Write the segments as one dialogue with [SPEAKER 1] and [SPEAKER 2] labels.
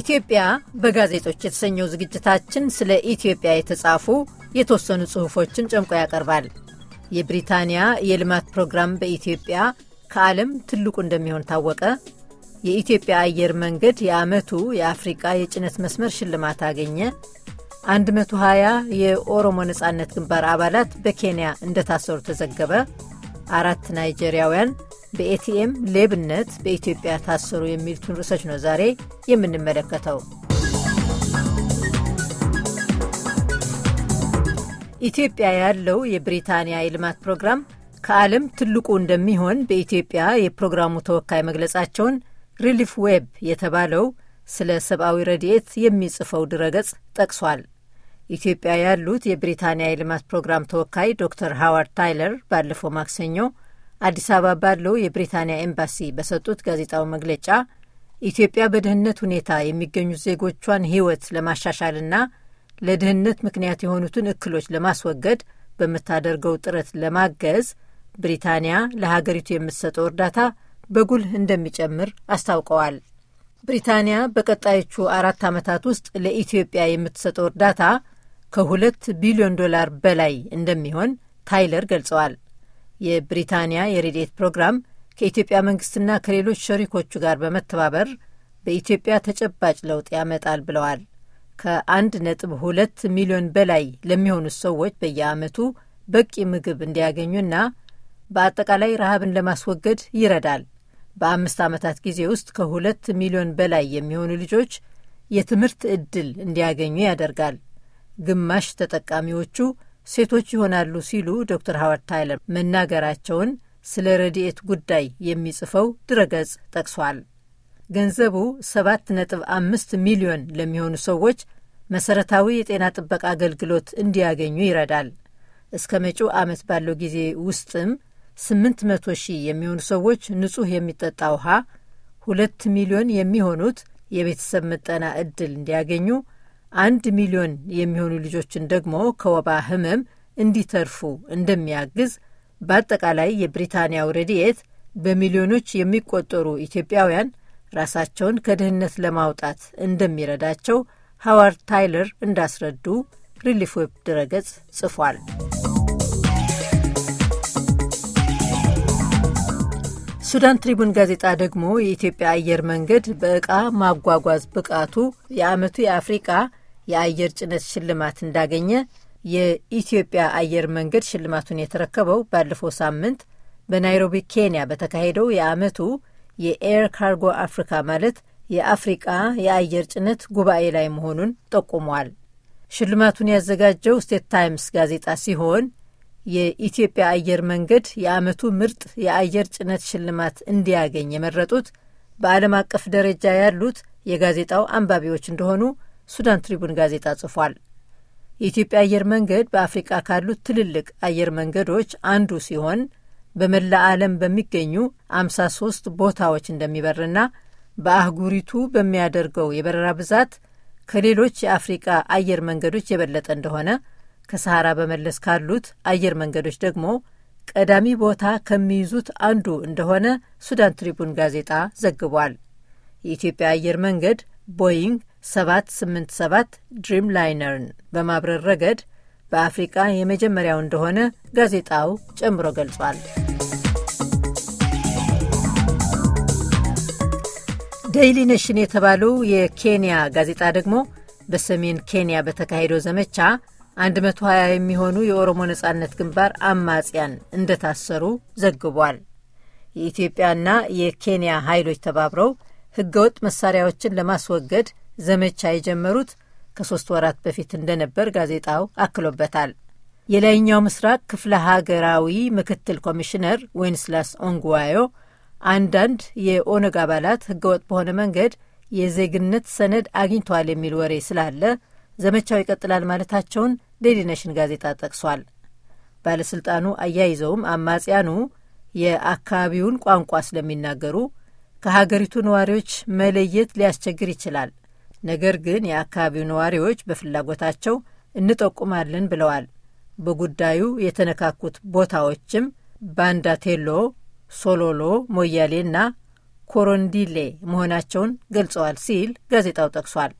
[SPEAKER 1] ኢትዮጵያ በጋዜጦች የተሰኘው ዝግጅታችን ስለ ኢትዮጵያ የተጻፉ የተወሰኑ ጽሑፎችን ጨምቆ ያቀርባል። የብሪታንያ የልማት ፕሮግራም በኢትዮጵያ ከዓለም ትልቁ እንደሚሆን ታወቀ፣ የኢትዮጵያ አየር መንገድ የዓመቱ የአፍሪቃ የጭነት መስመር ሽልማት አገኘ፣ 120 የኦሮሞ ነጻነት ግንባር አባላት በኬንያ እንደታሰሩ ተዘገበ፣ አራት ናይጄሪያውያን በኤቲኤም ሌብነት በኢትዮጵያ ታሰሩ የሚሉትን ርዕሶች ነው ዛሬ የምንመለከተው። ኢትዮጵያ ያለው የብሪታንያ የልማት ፕሮግራም ከዓለም ትልቁ እንደሚሆን በኢትዮጵያ የፕሮግራሙ ተወካይ መግለጻቸውን ሪሊፍ ዌብ የተባለው ስለ ሰብአዊ ረድኤት የሚጽፈው ድረገጽ ጠቅሷል። ኢትዮጵያ ያሉት የብሪታንያ የልማት ፕሮግራም ተወካይ ዶክተር ሃዋርድ ታይለር ባለፈው ማክሰኞ አዲስ አበባ ባለው የብሪታንያ ኤምባሲ በሰጡት ጋዜጣዊ መግለጫ ኢትዮጵያ በድህነት ሁኔታ የሚገኙት ዜጎቿን ሕይወት ለማሻሻልና ለድህነት ምክንያት የሆኑትን እክሎች ለማስወገድ በምታደርገው ጥረት ለማገዝ ብሪታንያ ለሀገሪቱ የምትሰጠው እርዳታ በጉልህ እንደሚጨምር አስታውቀዋል። ብሪታንያ በቀጣዮቹ አራት ዓመታት ውስጥ ለኢትዮጵያ የምትሰጠው እርዳታ ከሁለት ቢሊዮን ዶላር በላይ እንደሚሆን ታይለር ገልጸዋል። የብሪታንያ የሬዴት ፕሮግራም ከኢትዮጵያ መንግስትና ከሌሎች ሸሪኮቹ ጋር በመተባበር በኢትዮጵያ ተጨባጭ ለውጥ ያመጣል ብለዋል። ከአንድ ነጥብ ሁለት ሚሊዮን በላይ ለሚሆኑት ሰዎች በየአመቱ በቂ ምግብ እንዲያገኙና በአጠቃላይ ረሃብን ለማስወገድ ይረዳል። በአምስት ዓመታት ጊዜ ውስጥ ከሁለት ሚሊዮን በላይ የሚሆኑ ልጆች የትምህርት ዕድል እንዲያገኙ ያደርጋል። ግማሽ ተጠቃሚዎቹ ሴቶች ይሆናሉ ሲሉ ዶክተር ሀዋርድ ታይለር መናገራቸውን ስለ ረድኤት ጉዳይ የሚጽፈው ድረገጽ ጠቅሷል። ገንዘቡ 7.5 ሚሊዮን ለሚሆኑ ሰዎች መሰረታዊ የጤና ጥበቃ አገልግሎት እንዲያገኙ ይረዳል። እስከ መጪው ዓመት ባለው ጊዜ ውስጥም 800 ሺህ የሚሆኑ ሰዎች ንጹሕ የሚጠጣ ውሃ፣ ሁለት ሚሊዮን የሚሆኑት የቤተሰብ ምጠና ዕድል እንዲያገኙ አንድ ሚሊዮን የሚሆኑ ልጆችን ደግሞ ከወባ ህመም እንዲተርፉ እንደሚያግዝ በአጠቃላይ የብሪታንያው ረድኤት በሚሊዮኖች የሚቆጠሩ ኢትዮጵያውያን ራሳቸውን ከድህነት ለማውጣት እንደሚረዳቸው ሃዋርድ ታይለር እንዳስረዱ ሪሊፍ ዌብ ድረገጽ ጽፏል። ሱዳን ትሪቡን ጋዜጣ ደግሞ የኢትዮጵያ አየር መንገድ በእቃ ማጓጓዝ ብቃቱ የዓመቱ የአፍሪቃ የአየር ጭነት ሽልማት እንዳገኘ የኢትዮጵያ አየር መንገድ ሽልማቱን የተረከበው ባለፈው ሳምንት በናይሮቢ ኬንያ በተካሄደው የዓመቱ የኤር ካርጎ አፍሪካ ማለት የአፍሪቃ የአየር ጭነት ጉባኤ ላይ መሆኑን ጠቁሟል። ሽልማቱን ያዘጋጀው ስቴት ታይምስ ጋዜጣ ሲሆን የኢትዮጵያ አየር መንገድ የዓመቱ ምርጥ የአየር ጭነት ሽልማት እንዲያገኝ የመረጡት በዓለም አቀፍ ደረጃ ያሉት የጋዜጣው አንባቢዎች እንደሆኑ ሱዳን ትሪቡን ጋዜጣ ጽፏል። የኢትዮጵያ አየር መንገድ በአፍሪቃ ካሉት ትልልቅ አየር መንገዶች አንዱ ሲሆን በመላ ዓለም በሚገኙ 53 ቦታዎች እንደሚበርና በአህጉሪቱ በሚያደርገው የበረራ ብዛት ከሌሎች የአፍሪቃ አየር መንገዶች የበለጠ እንደሆነ ከሰሐራ በመለስ ካሉት አየር መንገዶች ደግሞ ቀዳሚ ቦታ ከሚይዙት አንዱ እንደሆነ ሱዳን ትሪቡን ጋዜጣ ዘግቧል። የኢትዮጵያ አየር መንገድ ቦይንግ 787 ድሪም ላይነርን በማብረር ረገድ በአፍሪቃ የመጀመሪያው እንደሆነ ጋዜጣው ጨምሮ ገልጿል። ዴይሊ ኔሽን የተባለው የኬንያ ጋዜጣ ደግሞ በሰሜን ኬንያ በተካሄደው ዘመቻ 120 የሚሆኑ የኦሮሞ ነጻነት ግንባር አማጽያን እንደታሰሩ ዘግቧል። የኢትዮጵያና የኬንያ ኃይሎች ተባብረው ሕገወጥ መሳሪያዎችን ለማስወገድ ዘመቻ የጀመሩት ከሶስት ወራት በፊት እንደነበር ጋዜጣው አክሎበታል። የላይኛው ምስራቅ ክፍለ ሀገራዊ ምክትል ኮሚሽነር ዌንስላስ ኦንጉዋዮ አንዳንድ የኦነግ አባላት ህገወጥ በሆነ መንገድ የዜግነት ሰነድ አግኝተዋል የሚል ወሬ ስላለ ዘመቻው ይቀጥላል ማለታቸውን ዴይሊ ኔሽን ጋዜጣ ጠቅሷል። ባለሥልጣኑ አያይዘውም አማጽያኑ የአካባቢውን ቋንቋ ስለሚናገሩ ከሀገሪቱ ነዋሪዎች መለየት ሊያስቸግር ይችላል ነገር ግን የአካባቢው ነዋሪዎች በፍላጎታቸው እንጠቁማለን ብለዋል። በጉዳዩ የተነካኩት ቦታዎችም ባንዳቴሎ፣ ሶሎሎ፣ ሞያሌ እና ኮሮንዲሌ መሆናቸውን ገልጸዋል ሲል ጋዜጣው ጠቅሷል።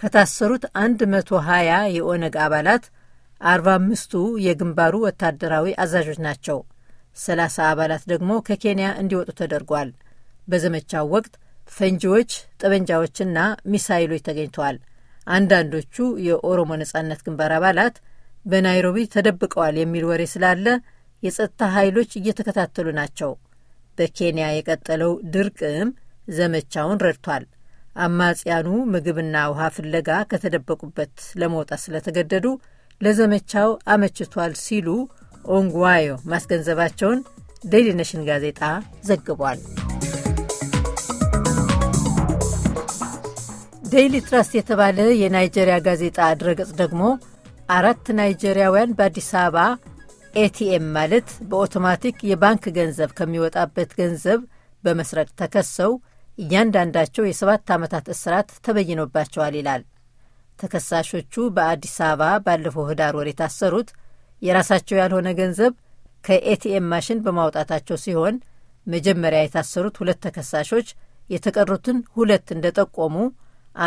[SPEAKER 1] ከታሰሩት 120 የኦነግ አባላት 45ቱ የግንባሩ ወታደራዊ አዛዦች ናቸው። 30 አባላት ደግሞ ከኬንያ እንዲወጡ ተደርጓል። በዘመቻው ወቅት ፈንጂዎች፣ ጠመንጃዎችና ሚሳይሎች ተገኝተዋል። አንዳንዶቹ የኦሮሞ ነጻነት ግንባር አባላት በናይሮቢ ተደብቀዋል የሚል ወሬ ስላለ የጸጥታ ኃይሎች እየተከታተሉ ናቸው። በኬንያ የቀጠለው ድርቅም ዘመቻውን ረድቷል። አማጽያኑ ምግብና ውሃ ፍለጋ ከተደበቁበት ለመውጣት ስለተገደዱ ለዘመቻው አመችቷል ሲሉ ኦንጓዮ ማስገንዘባቸውን ዴይሊ ኔሽን ጋዜጣ ዘግቧል። ዴይሊ ትራስት የተባለ የናይጄሪያ ጋዜጣ ድረገጽ ደግሞ አራት ናይጄሪያውያን በአዲስ አበባ ኤቲኤም ማለት በኦቶማቲክ የባንክ ገንዘብ ከሚወጣበት ገንዘብ በመስረቅ ተከሰው እያንዳንዳቸው የሰባት ዓመታት እስራት ተበይኖባቸዋል ይላል። ተከሳሾቹ በአዲስ አበባ ባለፈው ህዳር ወር የታሰሩት የራሳቸው ያልሆነ ገንዘብ ከኤቲኤም ማሽን በማውጣታቸው ሲሆን መጀመሪያ የታሰሩት ሁለት ተከሳሾች የተቀሩትን ሁለት እንደጠቆሙ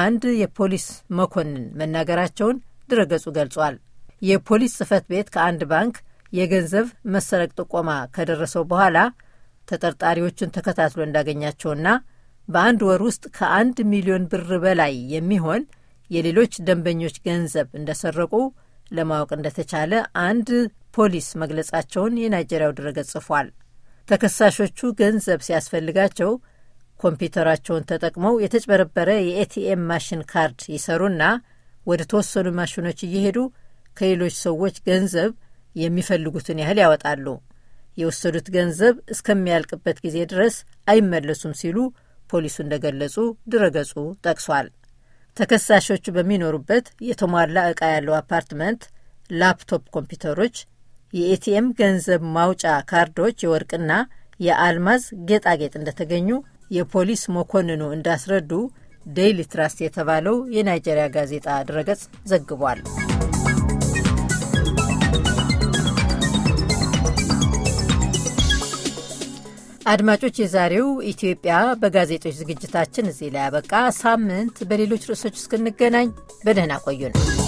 [SPEAKER 1] አንድ የፖሊስ መኮንን መናገራቸውን ድረገጹ ገልጿል። የፖሊስ ጽህፈት ቤት ከአንድ ባንክ የገንዘብ መሰረቅ ጥቆማ ከደረሰው በኋላ ተጠርጣሪዎቹን ተከታትሎ እንዳገኛቸውና በአንድ ወር ውስጥ ከአንድ ሚሊዮን ብር በላይ የሚሆን የሌሎች ደንበኞች ገንዘብ እንደሰረቁ ለማወቅ እንደተቻለ አንድ ፖሊስ መግለጻቸውን የናይጄሪያው ድረገጽ ጽፏል። ተከሳሾቹ ገንዘብ ሲያስፈልጋቸው ኮምፒውተራቸውን ተጠቅመው የተጭበረበረ የኤቲኤም ማሽን ካርድ ይሰሩና ወደ ተወሰኑ ማሽኖች እየሄዱ ከሌሎች ሰዎች ገንዘብ የሚፈልጉትን ያህል ያወጣሉ። የወሰዱት ገንዘብ እስከሚያልቅበት ጊዜ ድረስ አይመለሱም ሲሉ ፖሊሱ እንደገለጹ ድረገጹ ጠቅሷል። ተከሳሾቹ በሚኖሩበት የተሟላ ዕቃ ያለው አፓርትመንት ላፕቶፕ ኮምፒውተሮች፣ የኤቲኤም ገንዘብ ማውጫ ካርዶች፣ የወርቅና የአልማዝ ጌጣጌጥ እንደተገኙ የፖሊስ መኮንኑ እንዳስረዱ ዴይሊ ትራስት የተባለው የናይጄሪያ ጋዜጣ ድረገጽ ዘግቧል። አድማጮች፣ የዛሬው ኢትዮጵያ በጋዜጦች ዝግጅታችን እዚህ ላይ ያበቃ። ሳምንት በሌሎች ርዕሶች እስክንገናኝ በደህና ቆዩ ነው።